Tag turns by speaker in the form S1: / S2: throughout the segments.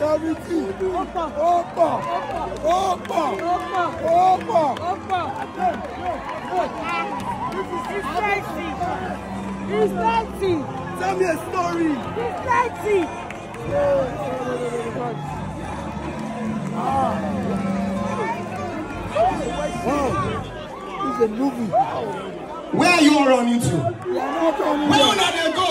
S1: dáríjì ó pọ̀ ó pọ̀ ó pọ̀ He's 90. Tell me a story. He's 90. Wow. Where are you running to? Where would they go?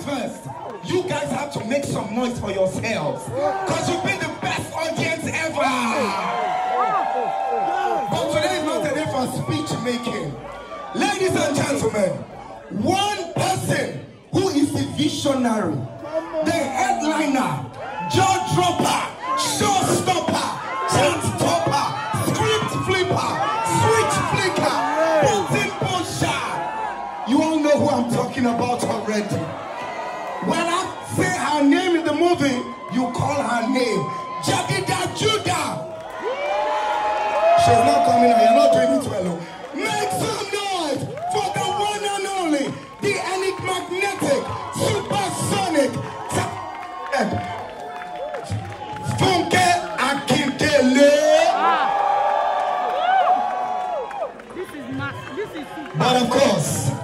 S1: first. You guys have to make some noise for yourselves. Because you've been the best audience ever. But today is not a day for speech making. Ladies and gentlemen, one person who is the visionary, the headliner, jaw dropper, showstopper, chant topper, script flipper, switch flicker, button pusher. You all know who I'm talking about already moving, you call her name. Jagida Judah. She's not coming out. You're not doing it well. Make some noise for the one and only, the enigmatic, supersonic, Funke Akintele. Ah. This is my, this is. But of course.